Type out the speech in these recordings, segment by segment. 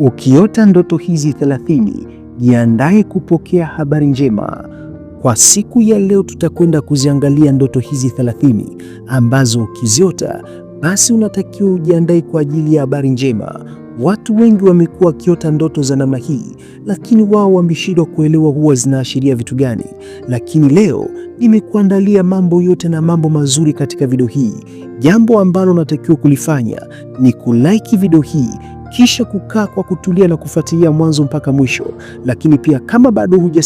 Ukiota ndoto hizi thelathini, jiandae kupokea habari njema. Kwa siku ya leo tutakwenda kuziangalia ndoto hizi thelathini ambazo ukiziota basi unatakiwa ujiandae kwa ajili ya habari njema. Watu wengi wamekuwa wakiota ndoto za namna hii, lakini wao wameshindwa kuelewa huwa zinaashiria vitu gani. Lakini leo nimekuandalia mambo yote na mambo mazuri katika video hii. Jambo ambalo unatakiwa kulifanya ni kulike video hii kisha kukaa kwa kutulia na kufuatilia mwanzo mpaka mwisho. Lakini pia kama bado huja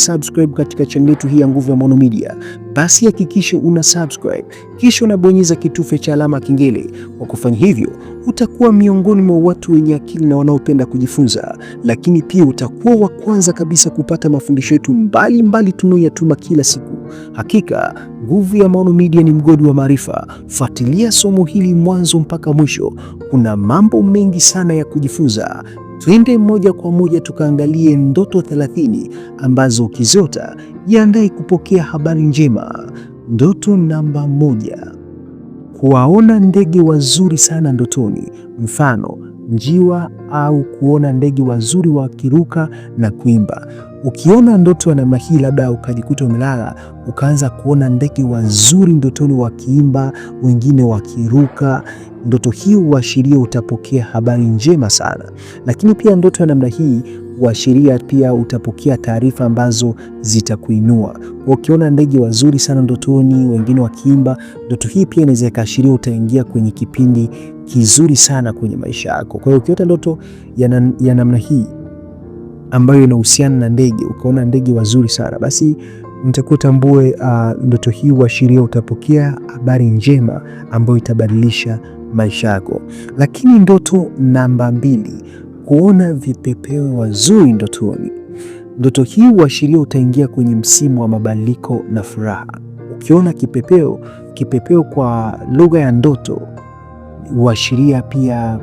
katika chaneli yetu hii ya Nguvu ya Maono Media, basi hakikisha una subscribe kisha unabonyeza kitufe cha alama kingine. Kwa kufanya hivyo, utakuwa miongoni mwa watu wenye akili na wanaopenda kujifunza, lakini pia utakuwa wa kwanza kabisa kupata mafundisho yetu mbalimbali tunayoyatuma kila siku. Hakika nguvu ya Maono Media ni mgodi wa maarifa. Fuatilia somo hili mwanzo mpaka mwisho, kuna mambo mengi sana ya kujifunza. Twende moja kwa moja tukaangalie ndoto 30 ambazo ukiziota jiandae kupokea habari njema. Ndoto namba moja: kuwaona ndege wazuri sana ndotoni, mfano njiwa, au kuona ndege wazuri wakiruka na kuimba. Ukiona ndoto ya namna hii, labda ukajikuta umelala ukaanza kuona ndege wazuri ndotoni wakiimba, wengine wakiruka, ndoto hii huashiria utapokea habari njema sana. Lakini pia ndoto ya namna hii huashiria pia utapokea taarifa ambazo zitakuinua. Ukiona ndege wazuri sana ndotoni, wengine wakiimba, ndoto hii pia inaweza ikaashiria utaingia kwenye kipindi kizuri sana kwenye maisha yako. Kwa hiyo ukiota ndoto ya namna hii ambayo inahusiana na ndege, ukaona ndege wazuri sana, basi mtakuwa tambue uh, ndoto hii huashiria utapokea habari njema ambayo itabadilisha maisha yako. Lakini ndoto namba mbili, kuona vipepeo wazuri ndotoni. Ndoto hii huashiria utaingia kwenye msimu wa mabadiliko na furaha. Ukiona kipepeo, kipepeo kwa lugha ya ndoto huashiria pia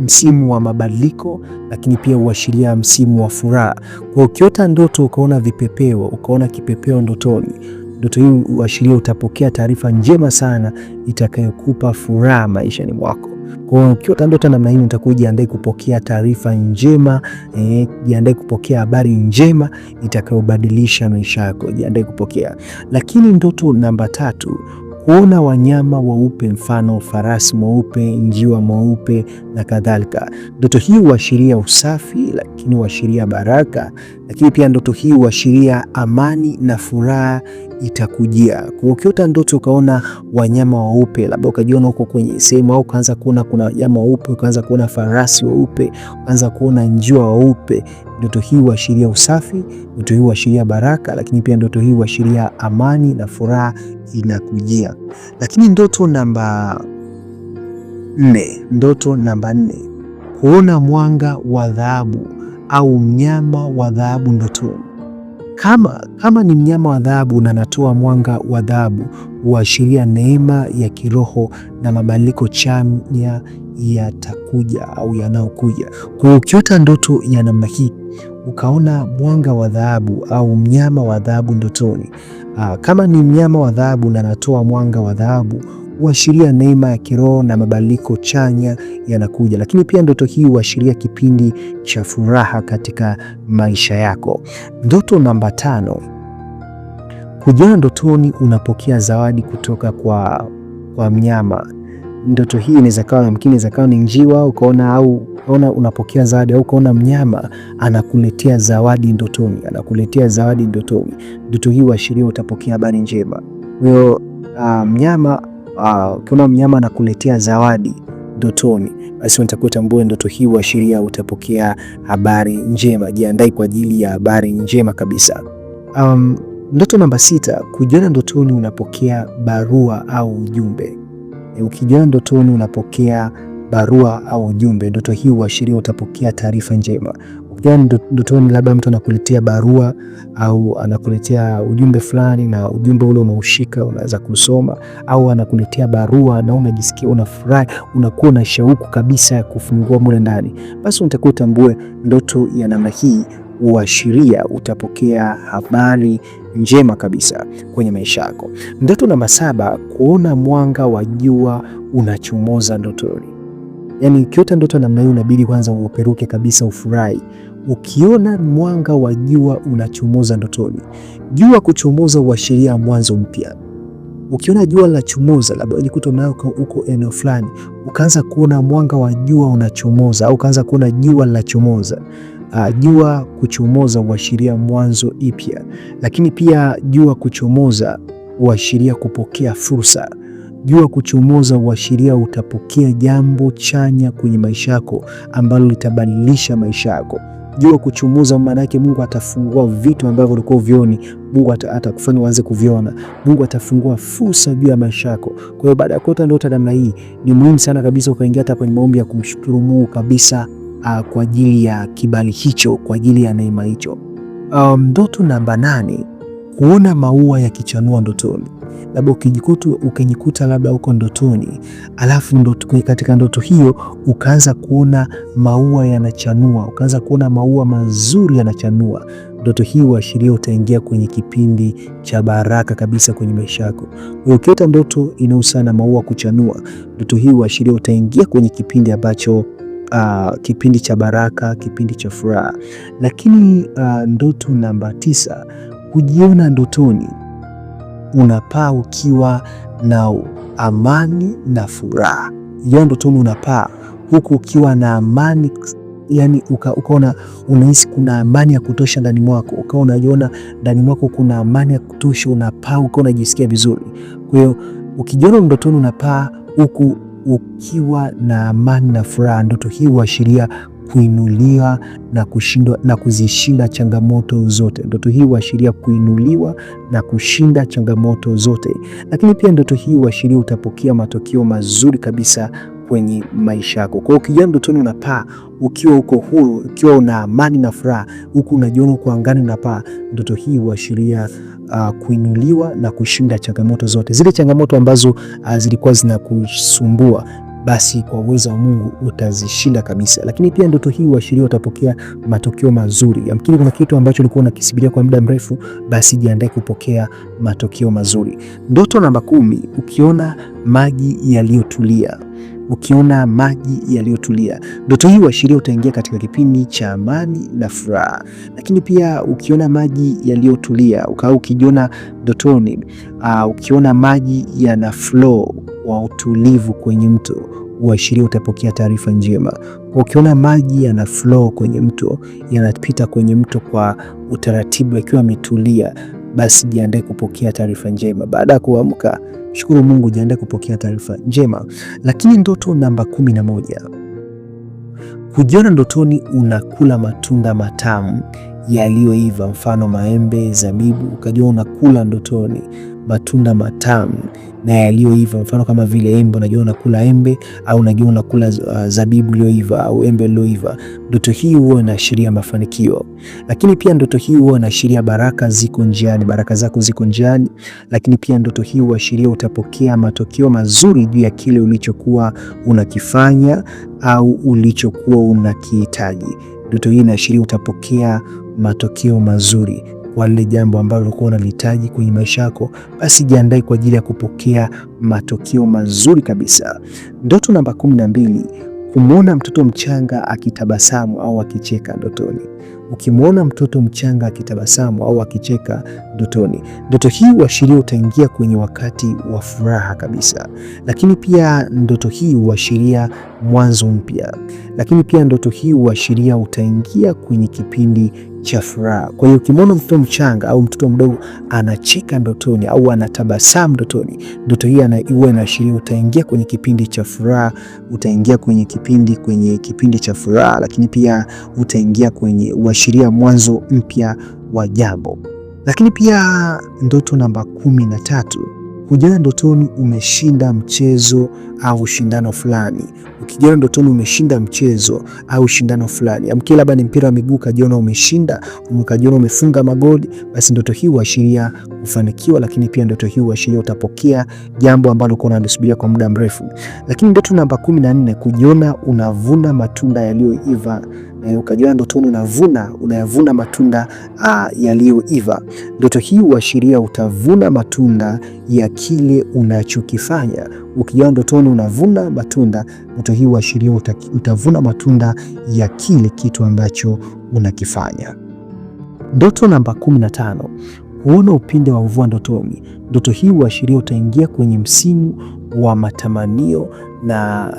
msimu wa mabadiliko, lakini pia huashiria msimu wa furaha. Kwa ukiota ndoto ukaona vipepeo, ukaona kipepeo ndotoni, ndoto hii huashiria utapokea taarifa njema sana itakayokupa furaha maishani mwako. Kwa hiyo ukiota ndoto namna hii utakuwa jiandae kupokea taarifa njema eh, jiandae kupokea habari njema itakayobadilisha maisha yako, jiandae kupokea. Lakini ndoto namba tatu kuona wanyama weupe mfano farasi mweupe, njiwa mweupe na kadhalika. Ndoto hii huashiria usafi, lakini huashiria baraka, lakini pia ndoto hii huashiria amani na furaha itakujia. Kwa ukiota ndoto ukaona wanyama weupe labda ukajiona huko kwenye sehemu au ukaanza kuona kuna wanyama weupe, ukaanza kuona farasi weupe, ukaanza kuona njiwa weupe Ndoto hii huashiria usafi, ndoto hii huashiria baraka, lakini pia ndoto hii huashiria amani na furaha inakujia. Lakini ndoto namba nne, ndoto namba nne, kuona mwanga wa dhahabu au mnyama wa dhahabu ndotoni. Kama, kama ni mnyama wa dhahabu na anatoa mwanga wa dhahabu huashiria neema ya kiroho na mabadiliko chanya yatakuja au yanayokuja. Kwa ukiota ndoto ya namna hii ukaona mwanga wa dhahabu au mnyama wa dhahabu ndotoni, aa, ah, kama ni mnyama wa dhahabu na anatoa mwanga wa dhahabu huashiria neema ya kiroho na mabadiliko chanya yanakuja. Lakini pia ndoto hii huashiria kipindi cha furaha katika maisha yako. Ndoto namba tano, kujaa ndotoni unapokea zawadi kutoka kwa, kwa mnyama ndoto hii inaweza kawa yamkini, inaweza kawa ni njiwa ukaona, au ona unapokea zawadi, au ukaona mnyama anakuletea zawadi ndotoni, anakuletea zawadi ndotoni. Ndoto hii huashiria utapokea habari njema. Kwa hiyo uh, mnyama ah, ukiona uh, mnyama anakuletea zawadi ndotoni, basi unatakiwa utambue ndoto hii huashiria utapokea habari njema. Jiandae kwa ajili ya habari njema kabisa. Um, ndoto namba sita, kujiona ndotoni unapokea barua au ujumbe Ukijaa ndotoni unapokea barua au ujumbe, ndoto hii huashiria utapokea taarifa njema. Ukijaa ndotoni, labda mtu anakuletea barua au anakuletea ujumbe fulani, na ujumbe ule unaushika, unaweza kusoma, au anakuletea barua na unajisikia, unafurahi, unakuwa na shauku kabisa ya kufungua mule ndani, basi unatakiwa utambue ndoto ya namna hii huashiria utapokea habari njema kabisa kwenye maisha yako. Ndoto namba saba, kuona mwanga wa jua unachomoza ndotoni. Yaani ukiota ndoto namna hiyo unabidi kwanza uoperuke kabisa, ufurahi ukiona mwanga wa jua unachomoza ndotoni. Jua kuchomoza huashiria mwanzo mpya. Ukiona jua linachomoza, labda ujikuta huko eneo fulani, ukaanza kuona mwanga wa jua unachomoza, au ukaanza kuona jua linachomoza Uh, jua kuchomoza huashiria mwanzo ipya, lakini pia jua kuchomoza huashiria kupokea fursa. Jua kuchomoza huashiria utapokea jambo chanya kwenye maisha yako ambalo litabadilisha maisha yako. Jua kuchomoza maana yake Mungu atafungua vitu ambavyo ulikuwa uvioni. Mungu atakufanya uanze kuviona. Mungu atafungua fursa juu ya maisha yako. Kwa hiyo baada ya kuota ndoto namna hii, ni muhimu sana kabisa ukaingia hata kwenye maombi ya kumshukuru Mungu kabisa uh, kwa ajili ya kibali hicho, kwa ajili ya neema hicho. Um, ndoto um, namba nane, kuona maua yakichanua ndotoni. Labda ukijikuta labda huko ndotoni, alafu ndoto, katika ndoto hiyo ukaanza kuona maua yanachanua, ukaanza kuona maua mazuri yanachanua ndoto hii huashiria utaingia kwenye kipindi cha baraka kabisa kwenye maisha yako. Ukiota ndoto inahusiana na maua kuchanua, ndoto hii huashiria utaingia kwenye kipindi ambacho uh, kipindi cha baraka, kipindi cha furaha. Lakini uh, ndoto namba tisa, hujiona ndotoni unapaa ukiwa na amani na furaha. Jiona ndotoni unapaa huku ukiwa na amani yani ukaona unahisi kuna amani ya kutosha ndani mwako, ukawa unajiona ndani mwako kuna amani ya kutosha, unapaa ukawa unajisikia vizuri. Kwa hiyo ukijiona ndotoni unapaa huku ukiwa na amani na furaha. Ndoto hii huashiria kuinuliwa na kushindwa na kuzishinda changamoto zote. Ndoto hii huashiria kuinuliwa na kushinda changamoto zote, lakini pia ndoto hii huashiria utapokea matokeo mazuri kabisa kwenye maisha yako. Kwa hiyo ukijana ndotoni unapaa ukiwa uko huru, ukiwa una amani na furaha, huku unajiona uko angani unapaa, ndoto hii huashiria uh, kuinuliwa na kushinda changamoto zote. Zile changamoto ambazo uh, zilikuwa zinakusumbua basi kwa uwezo wa Mungu utazishinda kabisa. Lakini pia ndoto hii uashiria utapokea matokeo mazuri. Yamkini kuna kitu ambacho ulikuwa unakisibiria kwa muda mrefu, basi jiandae kupokea matokeo mazuri. Ndoto namba kumi, ukiona maji yaliyotulia ukiona maji yaliyotulia. Ndoto hii huashiria utaingia katika kipindi cha amani na furaha. Lakini pia ukiona maji yaliyotulia, ukawa ukijiona ndotoni, uh, ukiona maji yana flow wa utulivu kwenye mto huashiria utapokea taarifa njema. Ukiona maji yana flow kwenye mto, yanapita kwenye mto kwa utaratibu, yakiwa ametulia, basi jiandae kupokea taarifa njema. Baada ya kuamka Shukuru Mungu, jiandae kupokea taarifa njema. Lakini ndoto namba kumi na moja, kujiona ndotoni unakula matunda matamu yaliyoiva, mfano maembe, zabibu, ukajiona unakula ndotoni matunda matamu na yaliyoiva, mfano kama vile embe. Unajua unakula embe au unajua unakula uh, zabibu iliyoiva au embe iliyoiva, Ndoto hii huwa inaashiria mafanikio, lakini pia ndoto hii huwa inaashiria baraka ziko njiani, baraka zako ziko njiani. Lakini pia ndoto hii huashiria utapokea matokeo mazuri juu ya kile ulichokuwa unakifanya au ulichokuwa unakihitaji. Ndoto hii inaashiria utapokea matokeo mazuri kwa lile jambo ambalo ulikuwa unalihitaji kwenye maisha yako, basi jiandae kwa ajili ya kupokea matokeo mazuri kabisa. Ndoto namba kumi na mbili kumwona mtoto mchanga akitabasamu au akicheka ndotoni. Ukimwona mtoto mchanga akitabasamu au akicheka ndotoni, ndoto hii huashiria utaingia kwenye wakati wa furaha kabisa. Lakini pia ndoto hii huashiria mwanzo mpya. Lakini pia ndoto hii huashiria utaingia kwenye kipindi cha furaha. Kwa hiyo ukimwona mtoto mchanga au mtoto mdogo anacheka ndotoni au anatabasamu ndotoni, ndoto hii huwa inaashiria utaingia kwenye kipindi cha furaha, utaingia kwenye kipindi kwenye kipindi cha furaha, lakini pia utaingia kwenye uashiria mwanzo mpya wa jambo. Lakini pia ndoto namba kumi na tatu Ujana ndotoni umeshinda mchezo au shindano fulani, ukijana ndotoni umeshinda mchezo au shindano fulani. Amkia labda ni mpira wa miguu, ukajiona umeshinda, ukajiona umefunga magoli, basi ndoto hii huashiria kufanikiwa, lakini pia ndoto hii huashiria utapokea jambo ambalo uko unalisubiria kwa muda mrefu. Lakini ndoto namba kumi na nne, kujiona unavuna matunda yaliyoiva e, ukajua ndotoni unavuna unayavuna matunda ah, yaliyoiva. Ndoto hii huashiria utavuna matunda ya kile unachokifanya. Ukijua ndotoni unavuna matunda, ndoto hii huashiria utavuna matunda ya kile kitu ambacho unakifanya. Ndoto namba 15 huona upinde wa mvua ndotoni. Ndoto hii huashiria utaingia kwenye msimu wa matamanio na,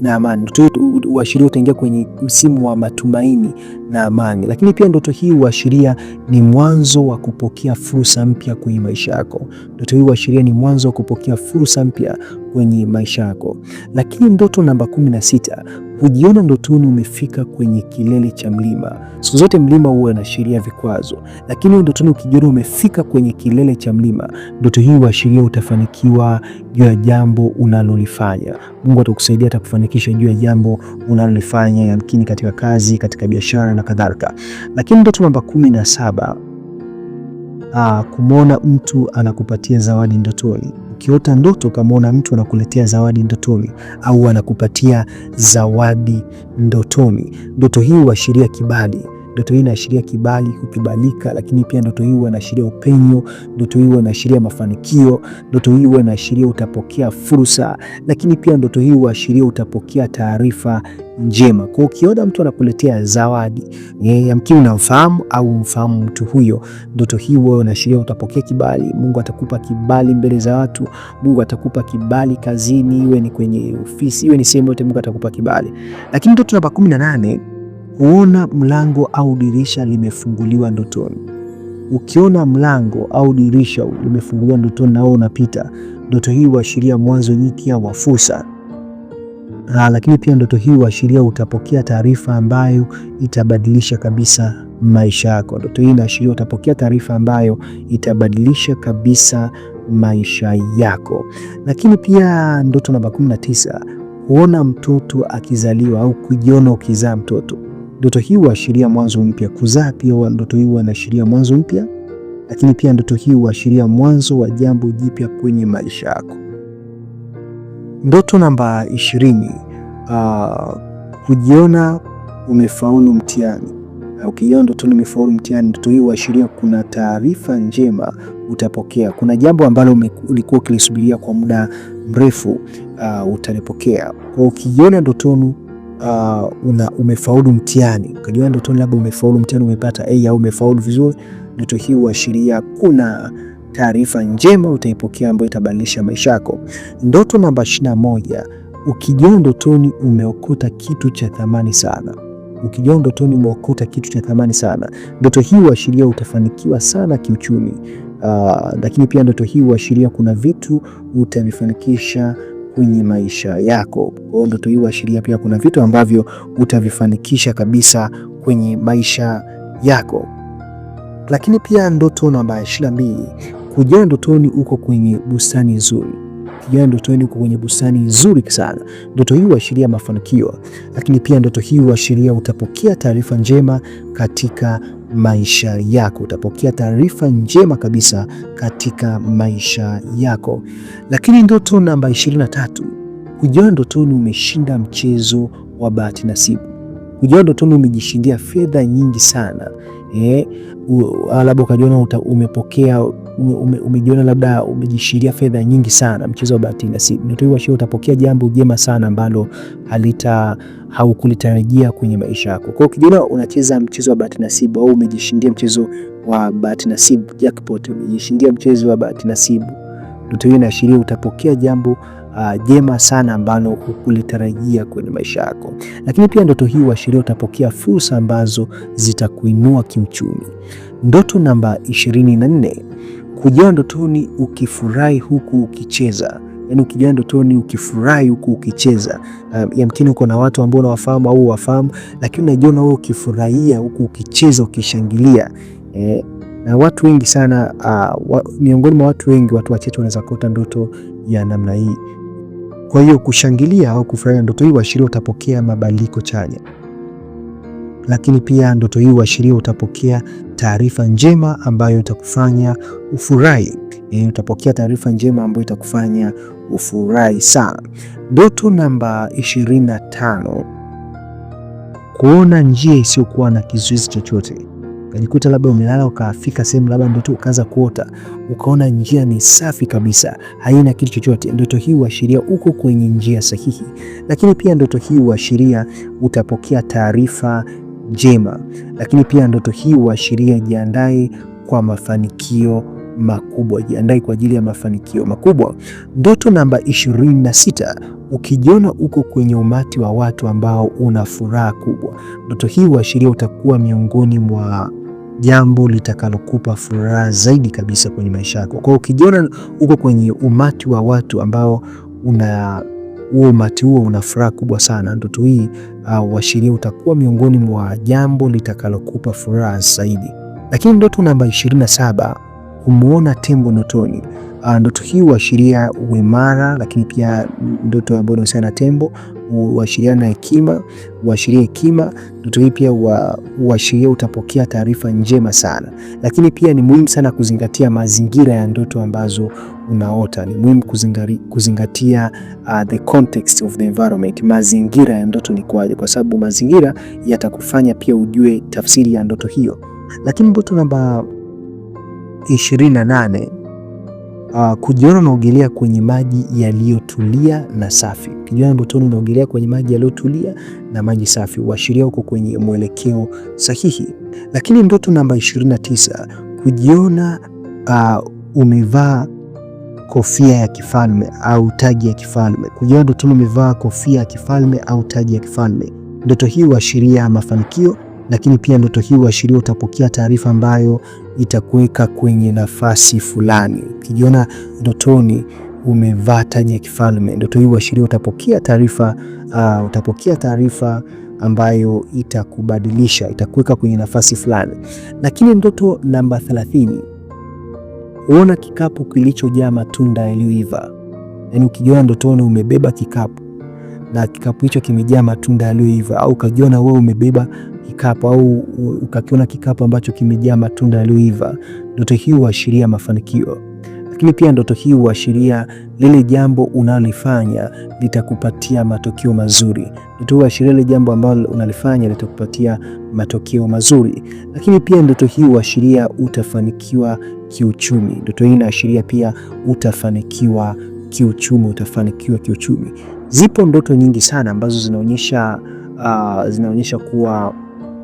na amani. Ndoto hii huashiria utaingia kwenye msimu wa matumaini na amani, lakini pia ndoto hii huashiria ni mwanzo wa kupokea fursa mpya kwenye maisha yako. Ndoto hii huashiria ni mwanzo wa kupokea fursa mpya kwenye maisha yako. Lakini ndoto namba kumi na sita hujiona ndotoni umefika kwenye kilele cha mlima. Siku zote mlima huwa unaashiria vikwazo, lakini ndotoni ukijiona umefika kwenye kilele cha mlima, ndoto hii huashiria utafanikiwa juu ya jambo unalolifanya. Mungu atakusaidia atakufanikisha juu ya jambo unalolifanya, yamkini katika kazi, katika biashara na kadhalika. Lakini ndoto namba kumi na saba Aa, ah, kumwona mtu anakupatia zawadi ndotoni. Ukiota ndoto kamwona mtu anakuletea zawadi ndotoni au anakupatia zawadi ndotoni, ndoto hii huashiria kibali. Ndoto hii inaashiria kibali, kukibalika, lakini pia ndoto hii inaashiria upenyo, ndoto hii inaashiria mafanikio, ndoto hii inaashiria utapokea fursa, lakini pia ndoto hii inaashiria utapokea taarifa njema. Kwa ukiona mtu anakuletea zawadi, e, yamkini unamfahamu au mfahamu mtu huyo, ndoto hii wewe unaashiria utapokea kibali. Mungu atakupa kibali mbele za watu, Mungu atakupa kibali kazini, iwe ni kwenye ofisi, iwe ni sehemu yote, Mungu atakupa kibali. Lakini ndoto namba 18 huona mlango au dirisha limefunguliwa ndotoni. Ukiona mlango au dirisha limefunguliwa ndotoni na wewe unapita, ndoto hii huashiria mwanzo mpya wa fursa. Ha, ah, lakini pia ndoto hii huashiria utapokea taarifa ambayo itabadilisha kabisa maisha yako. Ndoto hii inaashiria utapokea taarifa ambayo itabadilisha kabisa maisha yako. Lakini pia ndoto namba 19, huona mtoto akizaliwa au kujiona ukizaa mtoto. Ndoto hii huashiria mwanzo mpya. Kuzaa pia ndoto hii huashiria mwanzo mpya, lakini pia ndoto hii huashiria mwanzo wa jambo jipya kwenye maisha yako. Ndoto namba ishirini, uh, kujiona umefaulu mtihani. Ah, ukijiona ndoto nimefaulu mtihani, ndoto hii huashiria kuna taarifa njema utapokea. Kuna jambo ambalo ulikuwa ukilisubiria kwa muda mrefu, uh, utalipokea. Kwa ukijiona ndotoni uh, una, umefaulu mtihani, ukajiona ndotoni labda umefaulu mtihani umepata A au umefaulu vizuri, ndoto hii huashiria kuna taarifa njema utaipokea ambayo itabadilisha maisha yako. Ndoto namba ishirini na moja, ukijiona ndotoni umeokota kitu cha thamani sana Ukijua ndotoni umeokota kitu cha thamani sana, ndoto hii huashiria utafanikiwa sana kiuchumi. Uh, lakini pia ndoto hii huashiria kuna vitu utavifanikisha kwenye maisha yako. Kwa ndoto hii huashiria pia kuna vitu ambavyo utavifanikisha kabisa kwenye maisha yako. Lakini pia ndoto namba ishirini na mbili, kujaa ndotoni uko kwenye bustani nzuri. Kijana ndotoni uko kwenye bustani nzuri sana. Ndoto hii huashiria mafanikio, lakini pia ndoto hii huashiria utapokea taarifa njema katika maisha yako, utapokea taarifa njema kabisa katika maisha yako. Lakini ndoto namba 23, hujawa ndotoni umeshinda mchezo wa bahati nasibu, hujawa ndotoni umejishindia fedha nyingi sana eh, labda ukajiona umepokea ume, umejiona labda umejishiria fedha nyingi sana. Mchezo wa bahati nasibu utapokea jambo jema sana ambalo halita haukulitarajia kwenye maisha yako. Kwa hiyo ukijiona unacheza mchezo wa bahati nasibu au umejishindia mchezo wa bahati nasibu jackpot, umejishindia mchezo wa bahati nasibu, ndoto hiyo inaashiria utapokea jambo uh, jema sana ambalo hukulitarajia kwenye maisha yako. Lakini pia ndoto hii huashiria utapokea fursa ambazo zitakuinua kiuchumi. Ndoto namba 24, kujaa ndotoni ukifurahi huku ukicheza. Yani ukijaa ndotoni ukifurahi huku ukicheza. Um, yamkini uko na watu ambao unawafahamu au wafahamu, lakini unajiona wewe ukifurahia huku ukicheza, ukishangilia eh, na watu wengi sana uh, wa, miongoni mwa watu wengi, watu wachache wanaweza kuota ndoto ya namna hii. Kwa hiyo kushangilia au kufurahia ndoto hii huashiria utapokea mabadiliko chanya, lakini pia ndoto hii huashiria utapokea taarifa njema ambayo itakufanya ufurahi. E, utapokea taarifa njema ambayo itakufanya ufurahi sana. Ndoto namba 25, kuona njia isiyokuwa na kizuizi chochote ukajikuta labda umelala ukafika sehemu labda ndoto ukaanza kuota ukaona njia ni safi kabisa, haina kitu chochote. Ndoto hii huashiria uko kwenye njia sahihi, lakini pia ndoto hii huashiria utapokea taarifa njema, lakini pia ndoto hii huashiria jiandae kwa mafanikio makubwa, jiandae kwa ajili ya mafanikio makubwa. Ndoto namba ishirini na sita ukijiona uko kwenye umati wa watu ambao una furaha kubwa, ndoto hii huashiria utakuwa miongoni mwa jambo litakalokupa furaha zaidi kabisa kwenye maisha yako. Kwa ukijiona uko kwenye umati wa watu ambao una huo umati huo una furaha kubwa sana, ndoto hii ah, uashiria uh, utakuwa miongoni mwa jambo litakalokupa furaha zaidi. Lakini ndoto namba 27 kumwona tembo ndotoni. Ah, ndoto hii huashiria uimara, lakini pia ndoto ambayo inahusiana na tembo huashiria na hekima, huashiria hekima. Ndoto hii pia huashiria utapokea taarifa njema sana, lakini pia ni muhimu sana kuzingatia mazingira ya ndoto ambazo unaota. Ni muhimu kuzingatia uh, the context of the environment, mazingira ya ndoto ni kwaje, kwa sababu mazingira yatakufanya pia ujue tafsiri ya ndoto hiyo. Lakini ndoto namba 28 uh, ah, kujiona unaogelea kwenye maji yaliyotulia na safi. kujiona ndotoni unaogelea kwenye maji yaliyotulia na maji safi, uashiria uko kwenye mwelekeo sahihi. Lakini ndoto namba 29 kujiona uh, umevaa kofia ya kifalme au taji ya kifalme. Kujiona ndotoni umevaa kofia ya kifalme au taji ya kifalme, ndoto hii huashiria mafanikio lakini pia ndoto hii huashiria utapokea taarifa ambayo itakuweka kwenye nafasi fulani. Ukijiona ndotoni umevaa taji ya kifalme, ndoto hii huashiria utapokea taarifa uh, utapokea taarifa ambayo itakubadilisha, itakuweka kwenye nafasi fulani. Lakini ndoto namba 30, huona kikapu kilichojaa matunda yaliyoiva. Yaani ukijiona ndotoni umebeba kikapu na kikapu hicho kimejaa matunda yaliyoiva, au ukajiona wewe umebeba kikapu au ukakiona kikapu ambacho kimejaa matunda yaliyoiva, ndoto hii huashiria mafanikio. Lakini pia ndoto hii huashiria lile jambo unalifanya litakupatia matokeo mazuri. Ndoto hii huashiria lile jambo ambalo unalifanya litakupatia matokeo mazuri. Lakini pia ndoto hii huashiria utafanikiwa kiuchumi. Ndoto hii inaashiria pia utafanikiwa kiuchumi, utafanikiwa kiuchumi. Zipo ndoto nyingi sana ambazo zinaonyesha uh, zinaonyesha kuwa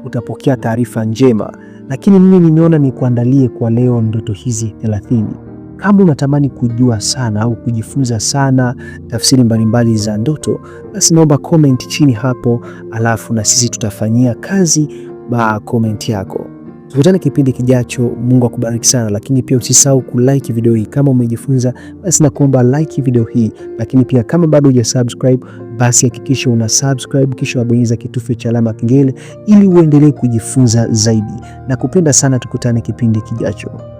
utapokea taarifa njema, lakini mimi nimeona nikuandalie kwa leo ndoto hizi thelathini. Kama unatamani kujua sana au kujifunza sana tafsiri mbalimbali za ndoto, basi naomba comment chini hapo, alafu na sisi tutafanyia kazi ba comment yako. Tukutane kipindi kijacho. Mungu akubariki sana, lakini pia usisahau kulike video hii. Kama umejifunza basi, nakuomba like video hii, lakini pia kama bado hujasubscribe basi hakikisha una subscribe kisha unabonyeza kitufe cha alama kengele ili uendelee kujifunza zaidi. Nakupenda sana, tukutane kipindi kijacho.